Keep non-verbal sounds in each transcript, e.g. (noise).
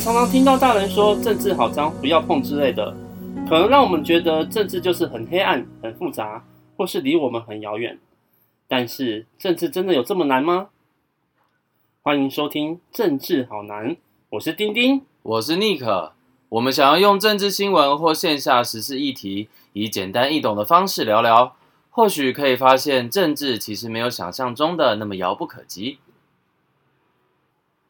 常常聽到大人說“政治好髒，不要碰”之類的，可能讓我們覺得政治就是很黑暗、很複雜，或是離我們很遙遠。但是，政治真的有這麼難嗎？歡迎收聽《政治好難》，我是丁丁，我是尼克。我們想要用政治新聞或線下時事議題，以簡單易懂的方式聊聊，或許可以發現政治其實沒有想象中的那麼遙不可及。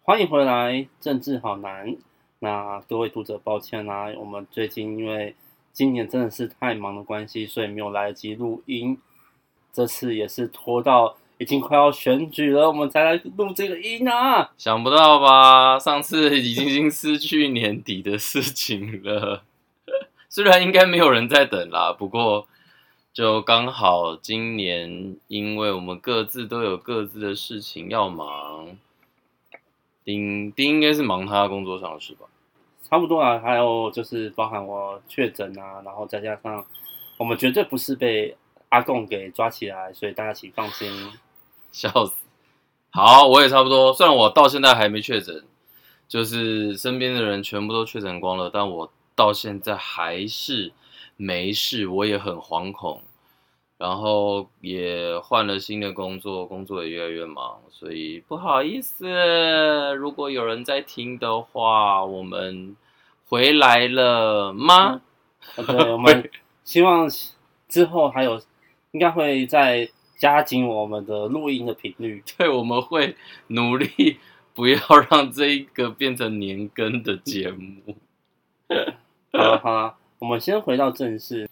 歡迎回來，政治好難。那各位讀者，抱歉啦、啊，我們最近因為今年真的是太忙的關係，所以沒有來得及錄音。這次也是拖到已經快要選舉了，我們才來錄這個音啊！想不到吧？上次已經已經是去年底的事情了。 (laughs) 雖然應該沒有人在等啦，不過就剛好今年，因為我們各自都有各自的事情要忙。丁丁應該是忙他的工作上的事吧，差不多啊。還有就是包含我確診啊，然後再加上我們絕對不是被阿共給抓起來，所以大家請放心。笑死！好，我也差不多。雖然我到現在還沒確診，就是身邊的人全部都確診光了，但我到現在還是沒事。我也很惶恐。然後也換了新的工作，工作也越來越忙，所以不好意思，如果有人在聽的話，我們回來了嗎？啊、對，我們希望之後還有，應該會再加緊我們的錄音的頻率。對，我們會努力不要讓這一個變成年更的節目。 (laughs) 好了好了，我們先回到正事。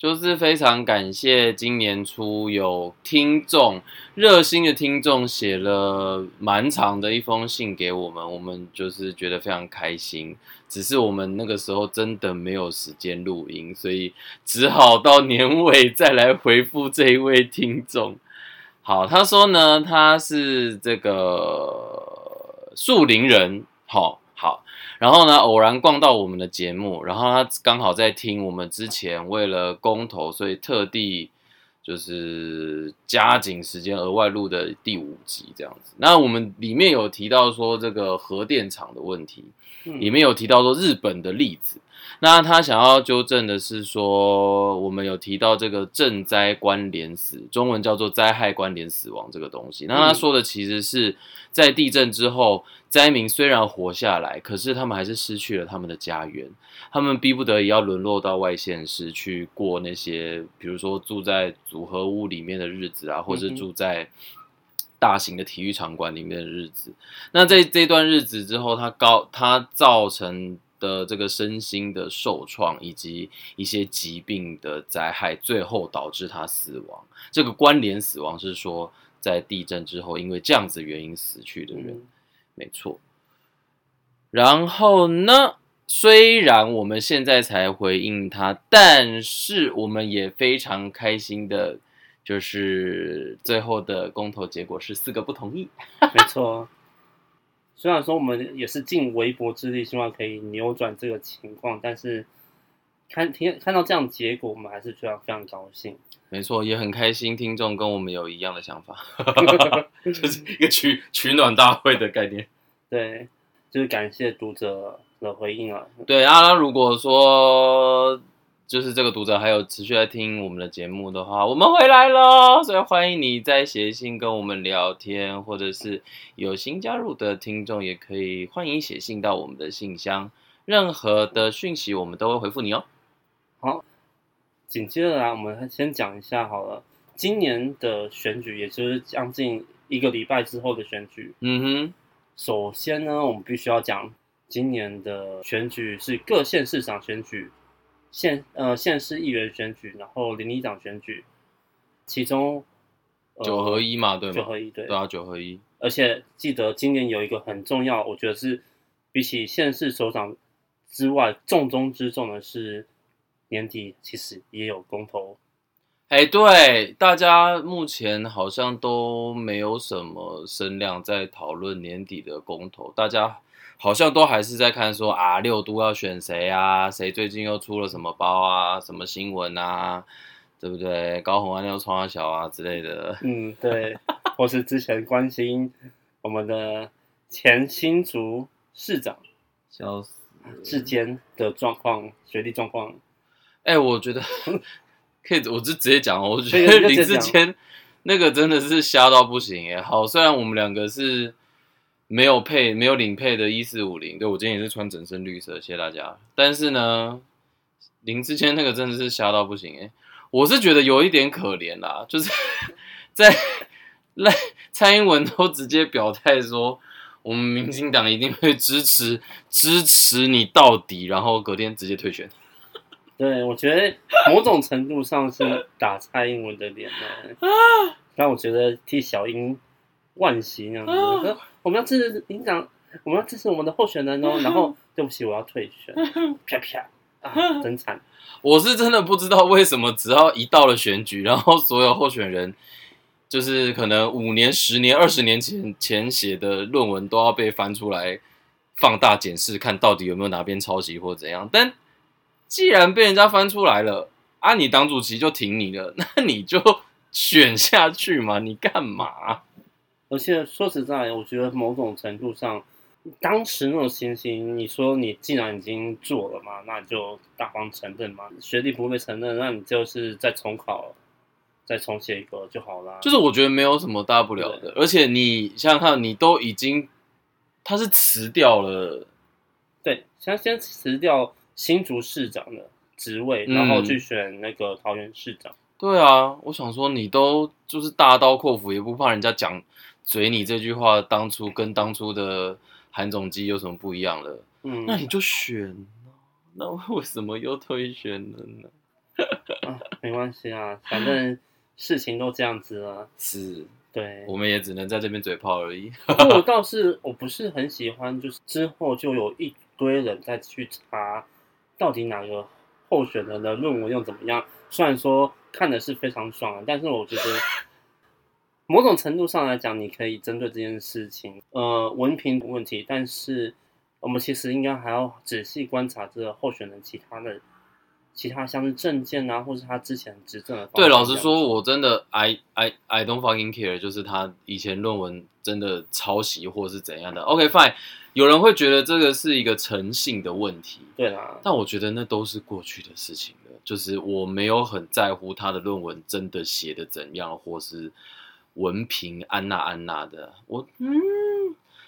就是非常感謝今年初有聽眾熱心的聽眾寫了蠻長的一封信給我們，我們就是覺得非常開心。只是我們那個時候真的沒有時間錄音，所以只好到年尾再來回復這一位聽眾。好，他說呢，他是這個樹林人。好。好，然後呢，偶然逛到我們的節目，然後他剛好在聽我們之前為了公投，所以特地就是加緊時間額外錄的第五集這樣子。那我們裡面有提到說這個核電廠的問題，裡面有提到說日本的例子。那他想要糾正的是說，我們有提到這個震災關聯死，中文叫做災害關聯死亡這個東西。那他說的其實是，在地震之後，災民雖然活下來，可是他們還是失去了他們的家園，他們逼不得已要淪落到外縣市去過那些，比如說住在組合屋裡面的日子啊，或者是住在大型的體育場館裡面的日子。那在這段日子之後，他告他造成。的這個身心的受創，以及一些疾病的災害，最後導致他死亡。這個關聯死亡是說，在地震之後，因為這樣子原因死去的人，沒錯。然後呢，雖然我們現在才回應他，但是我們也非常開心的，就是最後的公投結果是四個不同意，沒錯。雖然說我們也是盡微薄之力，希望可以扭轉這個情況，但是看聽看到這樣結果，我們還是非常非常高興。沒錯，也很開心，聽眾跟我們有一樣的想法。 (laughs) (laughs) 就是一個取取暖大會的概念。對，就是感謝讀者的回應了。對啊，如果說。就是這個讀者還有持續來聽我們的節目的話，我們回來了，所以歡迎你再寫信跟我們聊天，或者是有新加入的聽眾也可以歡迎寫信到我們的信箱，任何的訊息我們都會回覆你哦。好，緊接着來，我們先講一下好了，今年的選舉，也就是將近一個禮拜之後的選舉。嗯哼，首先呢，我們必須要講，今年的選舉是各縣市長選舉。縣呃縣市議員選舉，然後鄰里長選舉，其中、呃、九合一嘛，對嗎？九合一對，對啊，九合一。而且記得今年有一個很重要，我覺得是比起縣市首長之外重中之重的是年底其實也有公投。哎，對，大家目前好像都沒有什麼聲量在討論年底的公投，大家。好像都還是在看說啊，六都要選誰啊？誰最近又出了什麼包啊？什麼新聞啊？對不對？高虹安又創阿小啊之類的。嗯，對。或是之前關心我們的前新竹市長，林智堅的狀況，學歷狀況。 (laughs) 哎，我覺得可以，我就直接講我覺得林智堅那個真的是瞎到不行耶。好，雖然我們兩個是。沒有配沒有領配的一四五零，對我今天也是穿整身綠色，謝謝大家。但是呢，林智堅那個真的是瞎到不行哎，我是覺得有一點可憐啦，就是在蔡英文都直接表態說，我們民進黨一定會支持支持你到底，然後隔天直接退選。對，我覺得某種程度上是打蔡英文的臉呢， (laughs) 但我覺得替小英。萬幸樣子，啊、我們要支持營長，我們要支持我們的候選人哦。然後，對不起，我要退選，啪啪啊，真慘！我是真的不知道為什麼，只要一到了選舉，然後所有候選人就是可能五年、十年、二十年前前寫的論文都要被翻出來放大檢視，看到底有沒有哪邊抄襲或怎樣。但既然被人家翻出來了，啊，你黨主席就挺你的，那你就選下去嘛，你幹嘛？而且說實在，我覺得某種程度上，當時那種情形，你說你既然已經做了嘛，那你就大方承認嘛。學歷不會承認，那你就是再重考，再重寫一個就好啦。就是我覺得沒有什麼大不了的。對而且你想想看，你都已經他是辭掉了，對，像先先辭掉新竹市長的職位，嗯、然後去選那個桃園市長。對啊，我想說你都就是大刀闊斧，也不怕人家講。嘴，你這句話當初跟當初的韓總機有什麼不一樣了？嗯，那你就選，那我為什麼又推選了呢？ (laughs) 啊，沒關係啊，反正事情都這樣子了。是，對，我們也只能在這邊嘴炮而已。 (laughs) 不過我倒是我不是很喜歡，就是之後就有一堆人在去查到底哪個候選人的論文又怎麼樣？雖然說看的是非常爽，但是我覺得。 (laughs) 某種程度上來講，你可以針對這件事情，呃，文憑問題。但是，我們其實應該還要仔細觀察這個候選人其他的，其他像是政見啊，或是他之前執政的。對，老實說，我真的 I I I don't fucking care，就是他以前論文真的抄襲或是怎樣的。OK fine，有人會覺得這個是一個誠信的問題，對啦，但我覺得那都是過去的事情了，就是我沒有很在乎他的論文真的寫得怎樣，或是。文憑安娜安娜的。我嗯，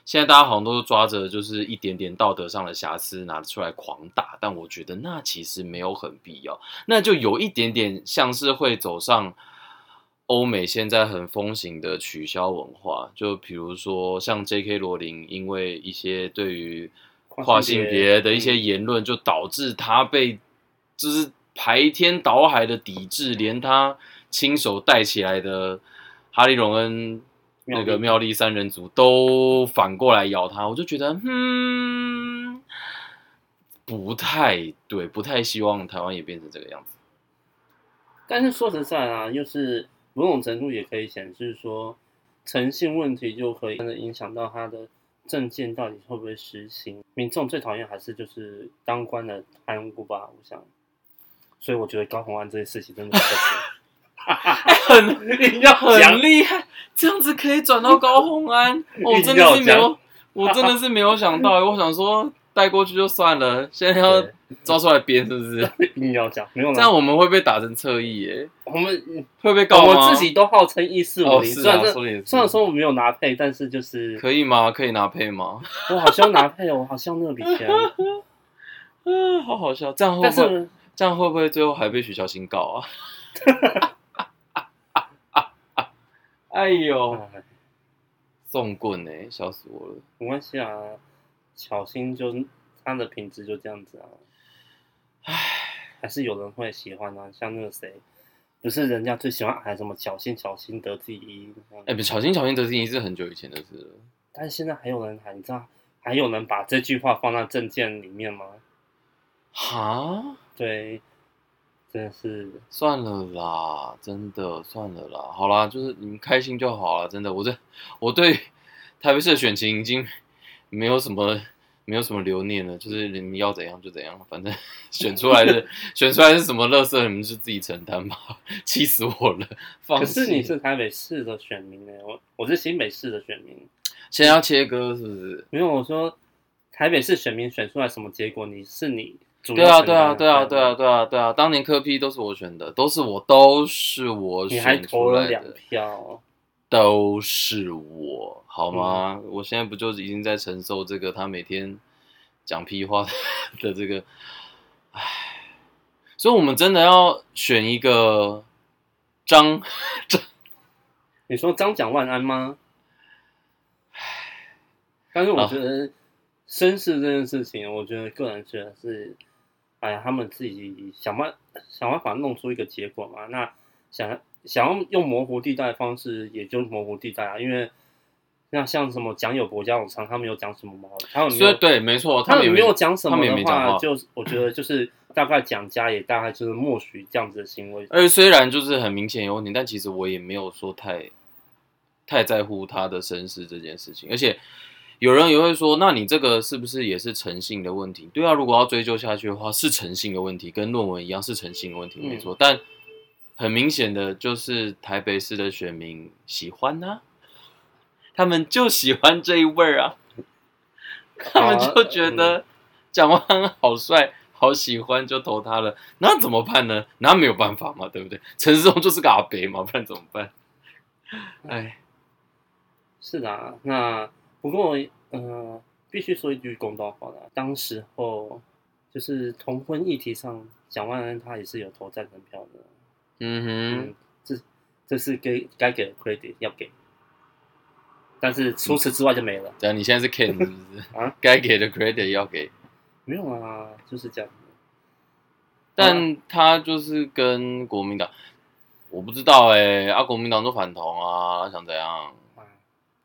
現在大家好像都抓着就是一點點道德上的瑕疵拿出來狂打，但我覺得那其實沒有很必要，那就有一點點像是會走上歐美現在很風行的取消文化，就比如說像 J.K. 羅琳，因為一些對於跨性別的一些言論，就導致他被就是排山倒海的抵制，連他親手帶起來的。哈利·榮恩那個妙麗三人組都反過來咬他，我就覺得，嗯，不太對，不太希望台灣也變成這個樣子。但是說實在啊，又是某種程度也可以顯示說，誠信問題就可以真的影響到他的政見到底會不會實行。民眾最討厭還是就是當官的貪污吧，我想。所以我覺得高虹安這些事情真的是 (laughs) 很要很厲害，這樣子可以轉到高虹安，我真的是沒有，我真的是沒有想到。我想說帶過去就算了，現在要抓出來編是不是？一定要講，沒有，這樣我們會被打成側翼耶，我們會被告嗎？我自己都號稱1450。哦，是啊，雖然雖然說我沒有拿配，但是就是可以嗎？可以拿配嗎？我好想拿配哦，我好想那筆錢。啊，好好笑，這樣會不會這樣會不會最後還被徐巧芯告啊？哎呦，唉送棍哎、欸，笑死我了！沒關係啊，小心就他的品質就這樣子啊。唉，還是有人會喜歡啊，像那個誰，不是人家最喜歡喊什麼“小心小心得第一”？哎，不是，小心小心得第一是很久以前的事了。但是現在還有人喊，你知道？還有人把這句話放在政見裡面嗎？哈，對。真的是算了啦，真的算了啦。好啦，就是你們開心就好了。真的，我這我對台北市的選情已經沒有什麼沒有什麼留念了。就是你們要怎樣就怎樣，反正選出來的 (laughs) 選出來是什麼樂色，你們就自己承擔吧。氣死我了！放可是你是台北市的選民呢、欸，我我是新北市的選民。現在要切割是不是？沒有，我說台北市選民選出來什麼結果，你是你。對啊對啊對啊對啊對啊對啊！當年柯 P 都是我選的，都是我都是我選出來的，你還投了兩票，都是我好嗎？嗯、我現在不就已經在承受這個他每天講屁話的這個，哎，所以我們真的要選一個張張，你說張蔣萬安嗎？唉，但是我覺得身世、哦、這件事情，我覺得個人覺得是。哎呀，他們自己想辦法想辦法弄出一個結果嘛，那想想要用模糊地帶方式，也就是模糊地帶啊。因為那像什麼講有國家冗長蔣友柏蔣友常，他們有講什麼嗎？他們沒對，沒錯，他們也沒有講什麼話，就我覺得就是大概蔣家也大概就是默許這樣子的行為。而雖然就是很明顯有問題，但其實我也沒有說太太在乎他的身世這件事情，而且。有人也會說，那你這個是不是也是誠信的問題？對啊，如果要追究下去的話，是誠信的問題，跟論文一樣是誠信的問題，沒錯。但很明顯的就是，台北市的選民喜歡呢、啊，他們就喜歡這一味兒啊，他們就覺得蔣萬安好帥，好喜歡，就投他了。那怎麼辦呢？那沒有辦法嘛，對不對？陳時中就是個阿北嘛，不然怎麼辦？哎，是的、啊，那。不過，嗯、呃，必須說一句公道話啦。當時候就是同婚議題上，蔣萬安他也是有投贊成票的。嗯哼，嗯，這這是給該給的 credit 要給，但是除此之外就沒了。對啊、嗯，你現在是 can 是不是？啊，該給的 credit 要給。啊、沒有啊，就是這樣。但他就是跟國民黨，嗯、我不知道哎、欸，啊，國民黨都反同啊，他想怎樣？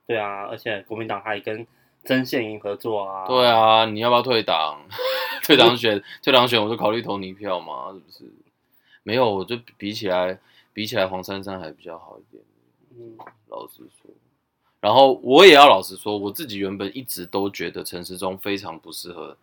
對啊，而且國民黨還跟曾獻瑩合作啊。對啊，你要不要退黨？ (laughs) 退黨選，退黨選， (laughs) 退黨選我就考慮投你一票嘛，是不是？沒有，我就比起來比起來黃珊珊還比較好一點。嗯，老實說，然後我也要老實說，我自己原本一直都覺得陳時中非常不適合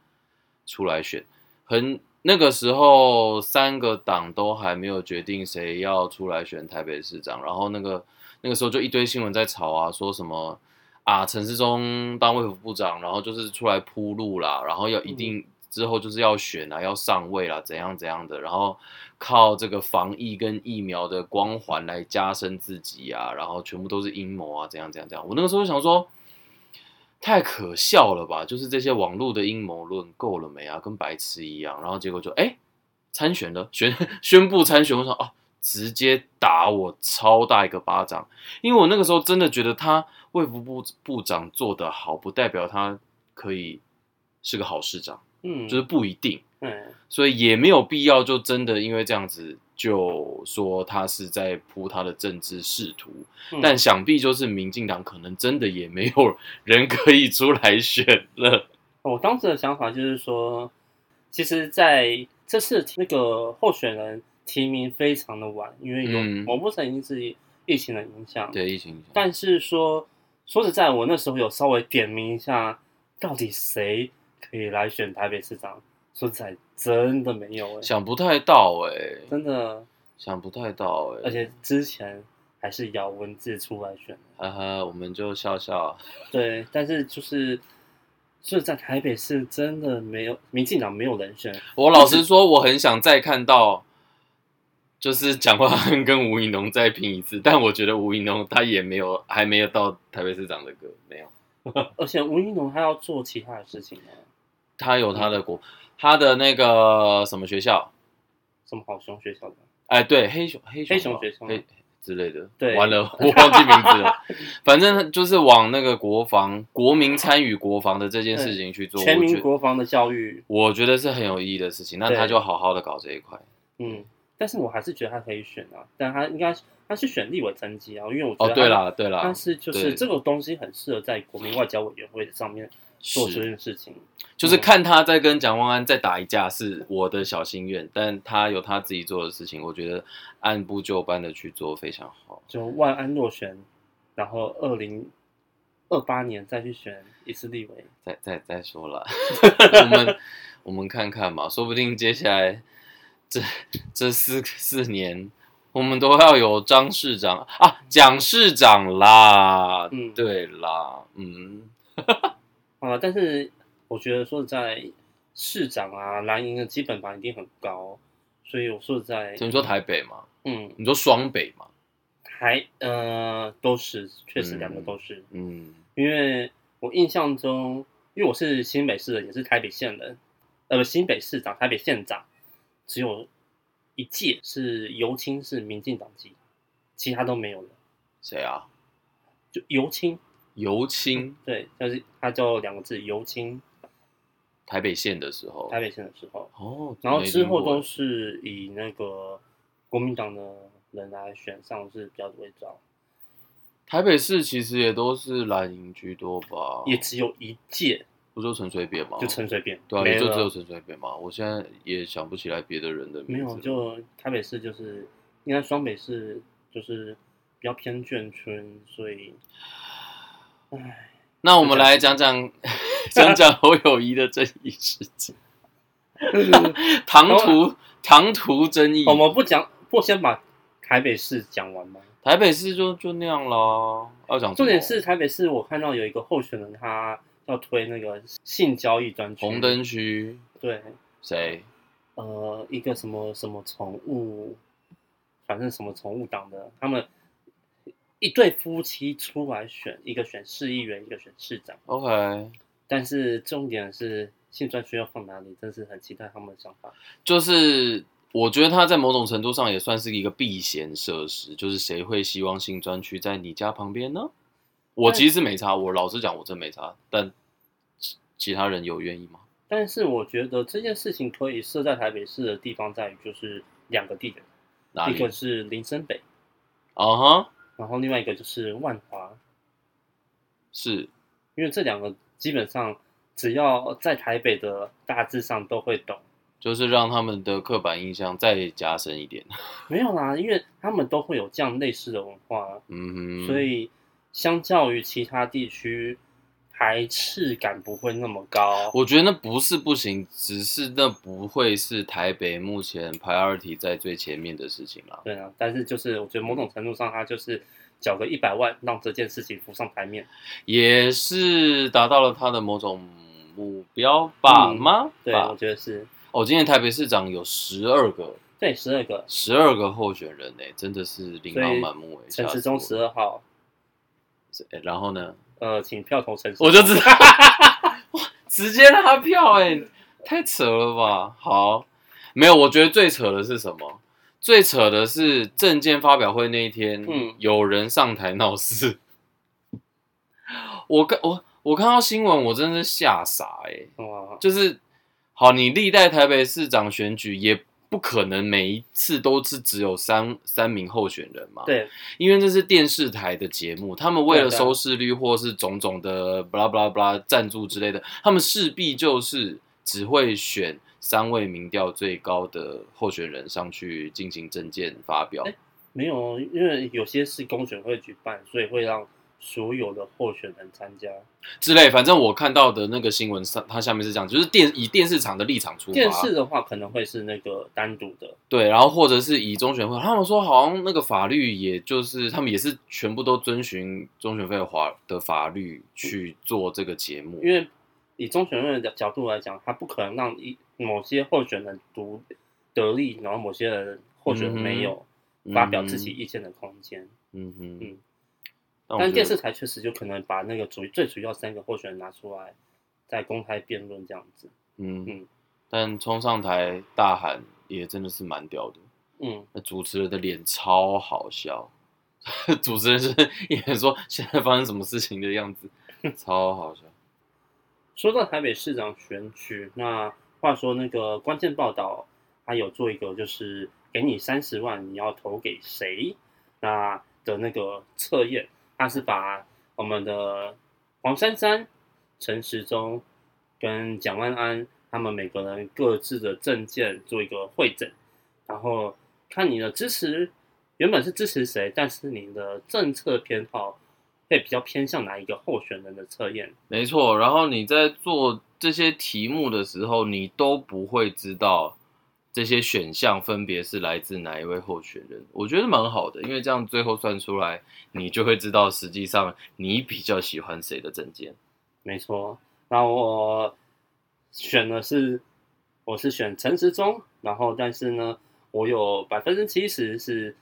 出來選，很，那個時候三個黨都還沒有決定誰要出來選台北市長，然後那個。那個時候就一堆新聞在吵啊，說什麼啊，陳時中當衛福部長，然後就是出來鋪路啦，然後要一定之後就是要選啊，要上位啦，怎樣怎樣的，然後靠這個防疫跟疫苗的光環來加深自己啊，然後全部都是陰謀啊，怎樣怎樣怎樣。我那個時候就想說，太可笑了吧，就是這些網絡的陰謀論夠了沒啊，跟白痴一樣。然後結果就哎，參選了，宣宣布參選，我想哦。啊直接打我超大一個巴掌，因為我那個時候真的覺得他衛福部部長做得好，不代表他可以是個好市長，嗯，就是不一定，嗯，所以也沒有必要就真的因為這樣子就說他是在鋪他的政治仕途，嗯，但想必就是民進黨可能真的也沒有人可以出來選了。我當時的想法就是說，其實在這次那個候選人。提名非常的晚，因為有、嗯、我不曾度自己疫情的影響。對疫情影響。但是說說實在，我那時候有稍微點名一下，到底誰可以來選台北市長？說起來真的沒有哎、欸，想不太到哎、欸，真的想不太到哎、欸。而且之前還是姚文智出來選，哈哈、啊，我們就笑笑。對，但是就是就在台北市真的沒有民進黨沒有人選。我老實說，我很想再看到。就是講話跟吳怡農再拼一次，但我覺得吳怡農他也沒有還沒有到台北市長的歌沒有，而且吳怡農他要做其他的事情他有他的國，他的那個什麼學校，什麼好熊學校的，哎，對黑熊黑熊黑熊學校之類的，對，完了我忘記名字了，反正就是往那個國防國民參與國防的這件事情去做，全民國防的教育，我覺得是很有意義的事情，那他就好好的搞這一塊，嗯。但是我還是覺得他可以選啊，但他應該他是選立委成績啊，因為我覺得他哦對了對了但是就是對這個東西很適合在國民外交委員會上面做這件事情，就是看他在跟蔣萬安再打一架是我的小心願，嗯、但他有他自己做的事情，我覺得按部就班的去做非常好。就萬安落選，然後二零二八年再去選一次立委，再再再說了， (laughs) (laughs) 我們我們看看嘛，說不定接下來。這這四四年，我們都要有張市長啊，蔣市長啦，嗯，對啦，嗯， (laughs) 啊，但是我覺得說在市長啊，藍營的基本盤一定很高，所以我說在，你說台北嘛，嗯，你說雙北嘛，台呃，都是，確實兩個都是，嗯，嗯因為我印象中，因為我是新北市的，也是台北縣的，呃，新北市長，台北縣長。只有一屆是尤清是民進黨籍，其他都沒有了。誰啊？就尤清。尤清。嗯，對，就是他叫兩個字尤清。台北縣的時候，台北縣的時候，哦、然後之後都是以那個國民黨的人來選，來選上是比較多。台北市其實也都是藍營居多吧？也只有一屆。不就陳水扁嗎？就陳水扁，對啊，了就只有陳水扁嘛。我現在也想不起來別的人的名字。沒有，就台北市就是，應該雙北市就是比較偏眷村，所以，唉，那我們來講講講講， (laughs) 講講侯友宜的爭議事件，唐突，唐突爭議。我們不講，不先把台北市講完嗎？台北市就就那樣了，要講重點是台北市，我看到有一個候選人他。要推那個性交易專區，紅燈區。對，誰？呃，一個什麼什麼寵物，反正什麼寵物黨的，他們一對夫妻出來選，一個選市議員，一個選市長。OK。但是重點是性專區要放哪裡？真是很期待他們的想法。就是我覺得他在某種程度上也算是一個避嫌設施，就是誰會希望性專區在你家旁邊呢？我其實沒差，但我老實講，我真沒差。但其其他人有願意嗎？但是我覺得這件事情可以設在台北市的地方在於就是兩個地點，哪裡一個是林森北，啊哈、uh，huh? 然後另外一個就是萬華，是，因為這兩個基本上只要在台北的大致上都會懂，就是讓他們的刻板印象再加深一點。沒有啦，因為他們都會有這樣類似的文化，嗯，哼嗯，所以。相較於其他地區，排斥感不會那麼高。我覺得那不是不行，只是那不會是台北目前 priority 在最前面的事情了。對啊，但是就是我覺得某種程度上，他就是繳個一百萬讓這件事情浮上台面，也是達到了他的某種目標吧、嗯？嗎？對，吧我覺得是。哦，今天台北市長有十二個，對，十二個，十二個候選人呢、欸，真的是琳琅滿目誒、欸。陳時中十二號。然後呢？呃，請票投誰我就知道， (laughs) (laughs) 哇，直接拉票哎， (laughs) 太扯了吧？好，沒有，我覺得最扯的是什麼？最扯的是政見發表會那一天，嗯，有人上台鬧事。我看我我看到新聞，我真的是嚇傻哎！哇就是好，你歷代台北市長選舉也。不可能每一次都是只有三三名候選人嘛？對，因為這是電視台的節目，他們為了收視率或是種種的巴拉巴拉巴拉贊助之類的，他們勢必就是只會選三位民調最高的候選人上去進行政見發表。欸，沒有，因為有些是公選會舉辦，所以會讓。所有的候選人參加之類，反正我看到的那個新聞上，它下面是這樣，就是電以電視廠的立場出發，電視的話可能會是那個單獨的，對，然後或者是以中選會，他們說好像那個法律也就是他們也是全部都遵循中選會的法的法律去做這個節目，因為以中選會的角度來講，他不可能讓一某些候選人獨得利，然後某些人候選沒有發、嗯嗯、表自己意見的空間，嗯哼嗯。但,但電視台確實就可能把那個主最主要三個候選人拿出來，在公開辯論這樣子。嗯嗯。嗯但衝上台大喊也真的是蠻屌的。嗯。那主持人的臉超好笑， (laughs) 主持人是也說現在發生什麼事情的樣子， (laughs) 超好笑。說到台北市長選舉，那話說那個關鍵報道他有做一個就是給你三十萬，你要投給誰？那的那個測驗。他是把我們的黃珊珊、陳時中跟蔣萬安他們每個人各自的政見做一個彙整，然後看你的支持原本是支持誰，但是你的政策偏好會比較偏向哪一個候選人的測驗。沒錯，然後你在做這些題目的時候，你都不會知道。這些選項分別是來自哪一位候選人？我覺得蠻好的，因為這樣最後算出來，你就會知道實際上你比較喜歡誰的政見。沒錯，那我選的是，我是選陳時中，然後但是呢，我有百分之七十是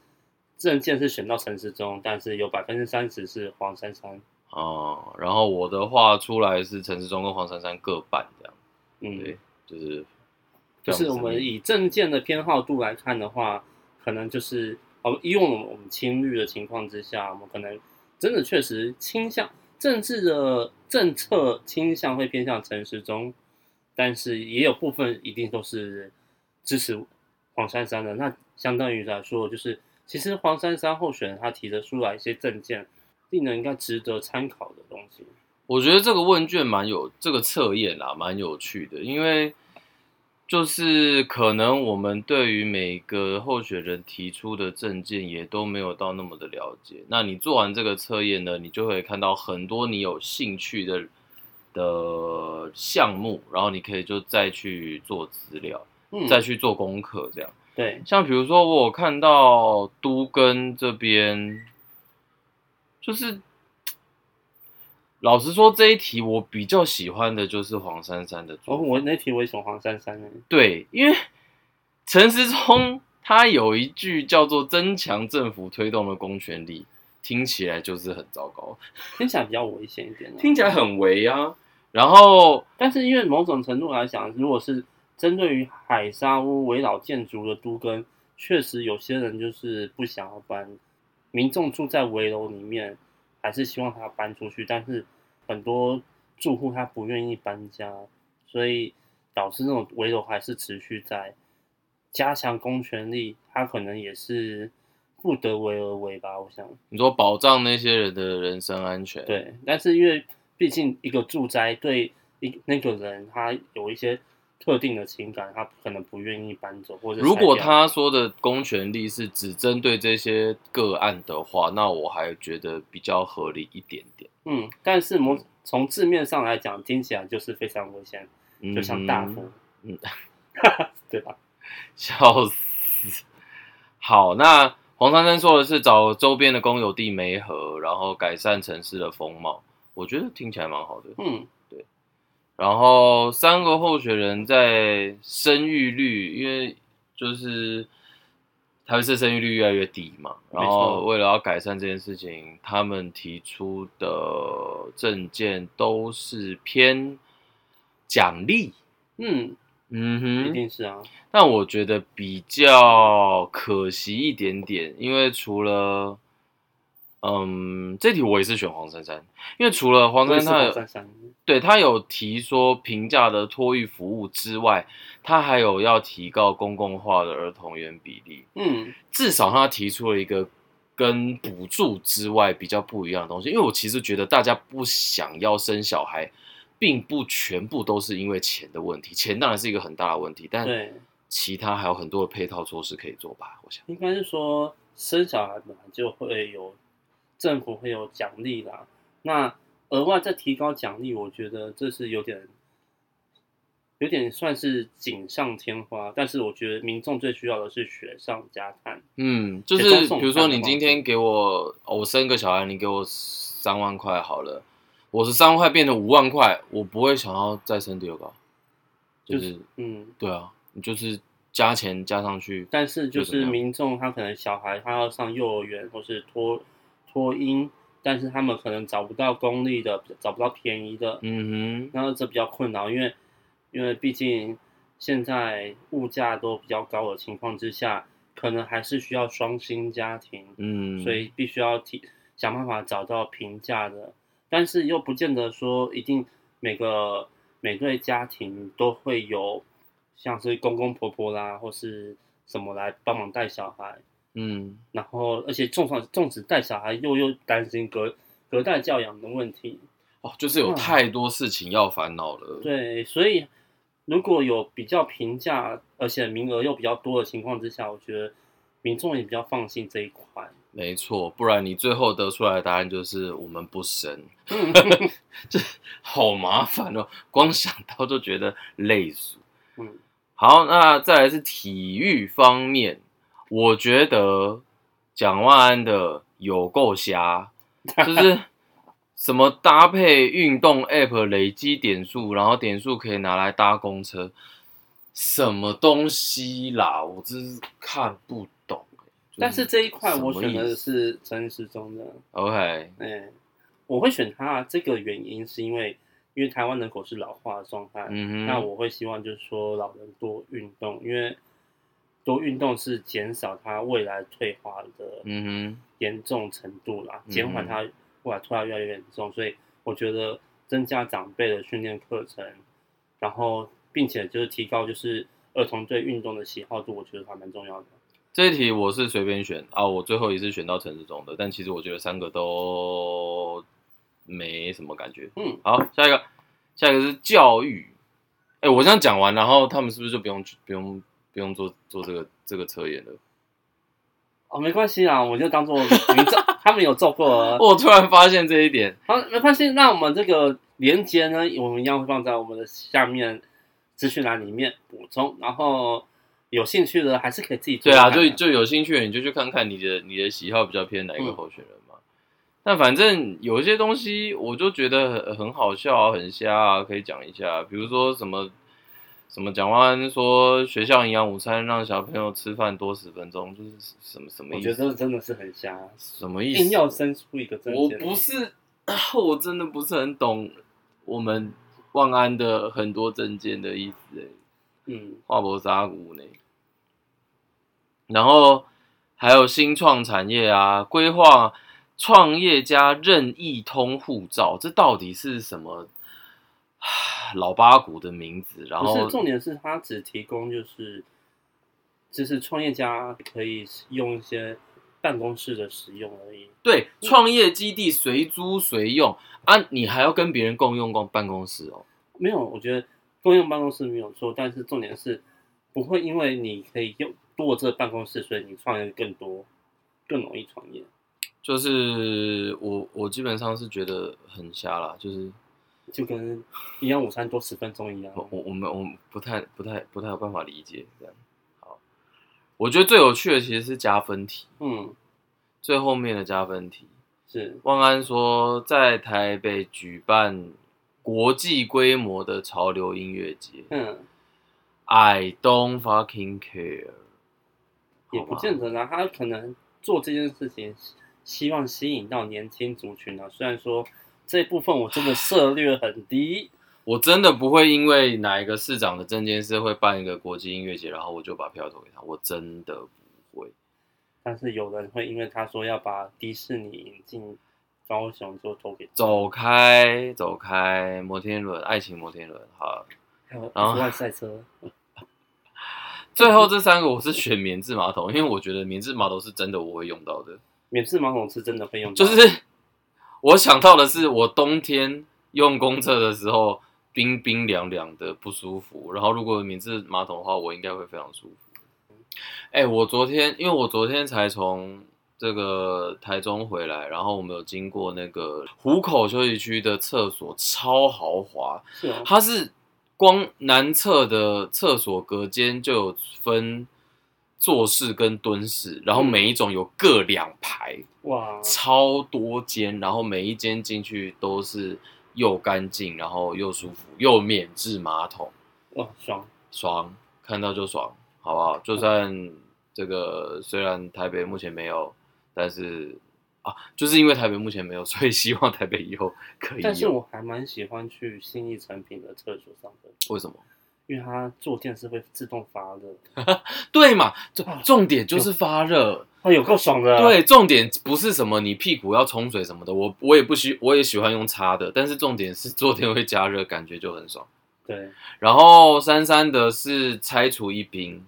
政見是選到陳時中，但是有百分之三十是黃珊珊。哦，然後我的話出來是陳時中跟黃珊珊各半這樣，嗯，對，就是。就是我們以政見的偏好度來看的話，可能就是哦，用我們青綠的情況之下，我們可能真的確實傾向政治的政策傾向會偏向陳時中，但是也有部分一定都是支持黃珊珊的。那相當於來說，就是其實黃珊珊候選人他提的出來一些政見，令人應該值得參考的東西。我覺得這個問卷蠻有這個測驗啊蠻有趣的，因為。就是可能我們對於每個候選人提出的政見，也都沒有到那麼的了解。那你做完這個測驗呢，你就會看到很多你有興趣的的項目，然後你可以就再去做資料，嗯，再去做功課這樣。對，像比如說我有看到都更這邊，就是。老實說，這一題我比較喜歡的就是黃珊珊的。哦，我那題為什麼黃珊珊呢、欸？對，因為陳時中他有一句叫做“增強政府推動的公權力”，聽起來就是很糟糕，聽起來比較危險一點、啊。聽起來很危啊。然後，但是因為某種程度來講，如果是針對於海砂屋危老建築的都更，確實有些人就是不想要搬，民眾住在危樓裡面，還是希望他搬出去，但是。很多住戶他不願意搬家，所以導致那種圍樓還是持續在，加強公權力，他可能也是不得為而為吧？我想你說保障那些人的人身安全，對，但是因為畢竟一個住宅對一那個人他有一些。特定的情感，他可能不願意搬走或者。如果他說的公權力是只針對這些個案的話，那我還覺得比較合理一點點。嗯，但是從、嗯、字面上來講，聽起來就是非常危險，就像大風、嗯，嗯， (laughs) 對吧、啊？笑死。好，那黃珊珊說的是找周邊的公有、地媒合，然後改善城市的風貌，我覺得聽起來蠻好的。嗯。然後三個候選人在生育率，因為就是台北市生育率越來越低嘛，然後為了要改善這件事情，他們提出的政見都是偏獎勵，嗯嗯哼，一定是啊。但我覺得比較可惜一點點，因為除了。嗯，這題我也是選黃珊珊，因為除了黃珊珊，對，他有提說平價的托育服務之外，他還有要提高公共化的兒童園比例。嗯，至少他提出了一個跟補助之外比較不一樣的東西。因為我其實覺得大家不想要生小孩，並不全部都是因為錢的問題，錢當然是一個很大的問題，但其他還有很多的配套措施可以做吧？對我想應該是說生小孩本來就會有。政府會有獎勵啦，那額外再提高獎勵，我覺得這是有點有點算是錦上添花，但是我覺得民眾最需要的是雪上加炭。嗯，就是比如說你今天給我我生個小孩，你給我三萬塊好了，我是三萬塊變成五萬塊，我不會想要再生第二個。就是、就是、嗯，對啊，你就是加錢加上去，但是就是民眾他可能小孩他要上幼兒園或是托。托嬰，但是他們可能找不到公立的，找不到便宜的，嗯哼，然後這比較困擾，因為因為畢竟現在物價都比較高的情況之下，可能還是需要雙薪家庭，嗯，所以必須要提想辦法找到平價的，但是又不見得說一定每個每個家庭都會有像是公公婆婆啦或是什麼來幫忙帶小孩。嗯，然後而且種上種子帶小孩又又擔心隔隔代教養的問題哦，就是有太多事情要煩惱了。嗯、對，所以如果有比較平價，而且名額又比較多的情況之下，我覺得民眾也比較放心這一塊。沒錯，不然你最後得出來的答案就是我們不生，這 (laughs) 好麻煩哦，光想到就覺得累死。嗯，好，那再來是體育方面。我覺得蔣萬安的有夠瞎，就是什麼搭配運動 App 累積點數，然後點數可以拿來搭公車，什麼東西啦？我真是看不懂、欸。但是就是這一塊我選的是陳時中的。OK，嗯、mm，我會選他這個原因是因為，因為台灣人口是老化的狀態，那我會希望就是說老人多運動，因為。多運動是減少它未來退化的嗯哼，嚴重程度啦，減緩它未來退化越來越嚴重，所以我覺得增加長輩的訓練課程，然後並且就是提高就是兒童對運動的喜好度，我覺得還蠻重要的。這一題我是隨便選啊，我最後一次選到陳時中的，但其實我覺得三個都沒什麼感覺。嗯，好，下一個，下一個是教育。誒、欸，我這樣講完，然後他們是不是就不用去不用？不用做做這個這個測驗了，哦，沒關係啊，我就當做沒做， (laughs) 他們有做過。我突然發現這一點，好、啊，沒關係。那我們這個連接呢，我們一樣會放在我們的下面資訊欄裡面補充。然後有興趣的還是可以自己做看看。對啊，就就有興趣的你就去看看你的你的喜好比較偏哪一個候選人嘛。嗯、但反正有一些東西，我就覺得很好笑啊，很瞎啊，可以講一下，比如說什麼。什麼？蔣萬安說，學校營養午餐讓小朋友吃飯多十分鐘，就是什麼什麼意思？我覺得這真的是很瞎，什麼意思？硬要生出一個政見？我不是，我真的不是很懂我們萬安的很多政見的意思。嗯，話博達股呢？然後還有新創產業啊，規劃創業家任意通護照，這到底是什麼？老八股的名字，然後不是重點是，他只提供就是就是創業家可以用一些辦公室的使用而已。對，創業基地隨租隨用啊，你還要跟別人共用共辦公室哦？沒有，我覺得共用辦公室沒有錯，但是重點是不會因為你可以用多這辦公室，所以你創業更多更容易創業。就是我我基本上是覺得很瞎啦，就是。就跟營養午餐多十分鐘一樣， (laughs) 我我們我們不太不太不太有辦法理解這樣。好，我覺得最有趣的其實是加分題，嗯，嗯，最後面的加分題是萬安說在台北舉辦國際規模的潮流音樂節，嗯，I don't fucking care，也不見得啦，嗎他可能做這件事情希望吸引到年輕族群呢，啊，雖然說。這部分我真的涉獵很低， (laughs) 我真的不會因為哪一個市長的政見是會辦一個國際音樂節，然後我就把票投給他，我真的不會。但是有人會因為他說要把迪士尼引進高雄，就投給他。走開，走開，摩天輪，愛情摩天輪，好。啊、然後室外賽車。 (laughs) 最後這三個我是選免治馬桶， (laughs) 因為我覺得免治馬桶是真的我會用到的。免治馬桶是真的會用到的，就是。我想到的是，我冬天用公廁的時候冰冰涼涼的不舒服，然後如果免治馬桶的話，我應該會非常舒服。哎、欸，我昨天因為我昨天才從這個台中回來，然後我們有經過那個湖口休息區的廁所，超豪華，它是光男廁的廁所隔間就有分，坐式跟蹲式，然後每一種有各兩排，嗯、哇，超多間，然後每一間進去都是又乾淨，然後又舒服，又免治馬桶，哇，爽爽，看到就爽，好不好？就算這個、嗯、雖然台北目前沒有，但是啊，就是因為台北目前沒有，所以希望台北以後可以。但是我還蠻喜歡去信義誠品的廁所上廁所，為什麼？因為它坐墊是會自動發熱， (laughs) 對嘛？重、啊、重點就是發熱，它有夠、哎呦、爽的、啊。對，重點不是什麼你屁股要沖水什麼的，我我也不喜，我也喜歡用擦的。但是重點是坐墊會加熱，感覺就很爽。對，然後珊珊的是拆除一殯。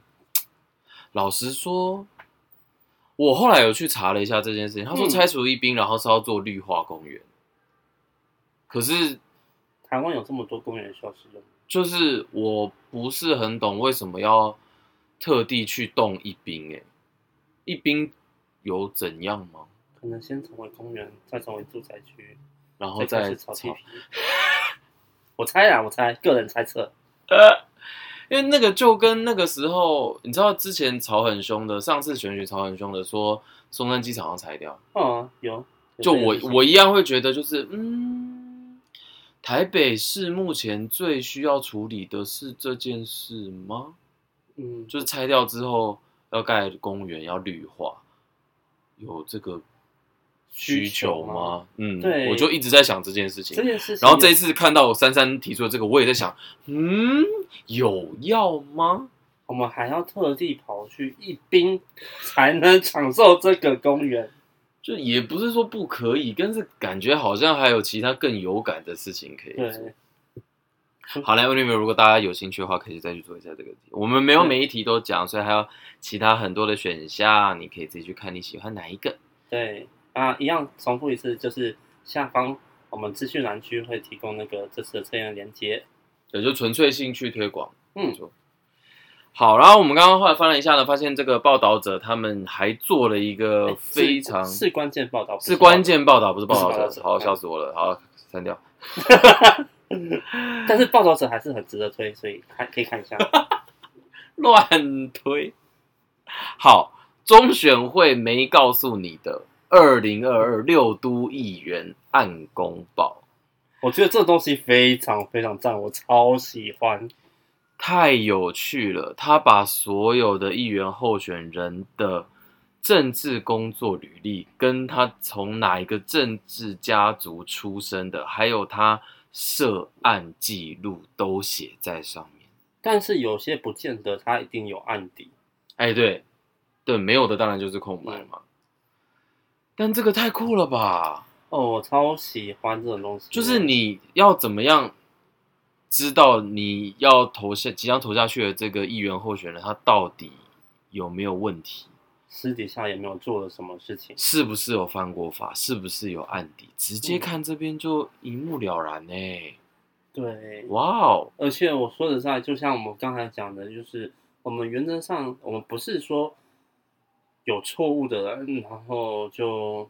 老實說，我後來有去查了一下這件事情，他說拆除一殯，嗯、然後是要做綠化公園，可是台灣有這麼多公園消失使就是我不是很懂，為什麼要特地去動一兵、欸？哎，一兵有怎樣嗎？可能先成為公園，再成為住宅區，然後再炒炒 (laughs) 我猜啊，我猜，個人猜測。呃，因為那個就跟那個時候，你知道之前吵很凶的，上次選舉吵很凶的，說松山機場要拆掉。哦，有。有就我我一樣會覺得，就是嗯。台北市目前最需要處理的是這件事嗎？嗯，就是拆掉之後要蓋公園，要綠化，有這個需求嗎？求嗎，嗯，對，我就一直在想這件事情，這件事，然後這一次看到珊珊提出的這個，我也在想，嗯，有要嗎？我們還要特地跑去一兵才能享受這個公園。 (laughs) 就也不是說不可以，但是感覺好像還有其他更有感的事情可以做。對 (laughs) 好嘞 o l i 如果大家有興趣的話，可以再去做一下這個題。我們沒有每一題都講，對所以還有其他很多的選項，你可以自己去看你喜歡哪一個。對啊，一樣重複一次，就是下方我們資訊欄區會提供那個這次的測驗連接。對，就純粹興趣推廣，嗯。好，然後我們剛剛後來翻了一下呢，發現這個報道者他們還做了一個非常是關鍵報道，是關鍵報道，不是報道者，者。好，笑死我了，好刪掉。 (laughs) (laughs) 但是報道者還是很值得推，所以還可以看一下。 (laughs) 亂推。好，中選會沒告訴你的2022六都議員暗公報，我覺得這個東西非常非常讚，我超喜歡。太有趣了！他把所有的議員候選人的政治工作履歷、跟他從哪一個政治家族出生的，還有他涉案記錄都寫在上面。但是有些不見得他一定有案底。哎，欸、對，對，沒有的當然就是空白嘛。嗯、但這個太酷了吧！哦，我超喜歡這種東西。就是你要怎麼樣？知道你要投下、即將投下去的這個議員候選人，他到底有沒有問題？私底下有沒有做了什麼事情，是不是有犯過法？是不是有案底？直接看這邊就一目了然嘞、欸嗯。對，哇哦 Wow！而且我說實在，就像我們剛才講的，就是我們原則上，我們不是說有錯誤的人，然後就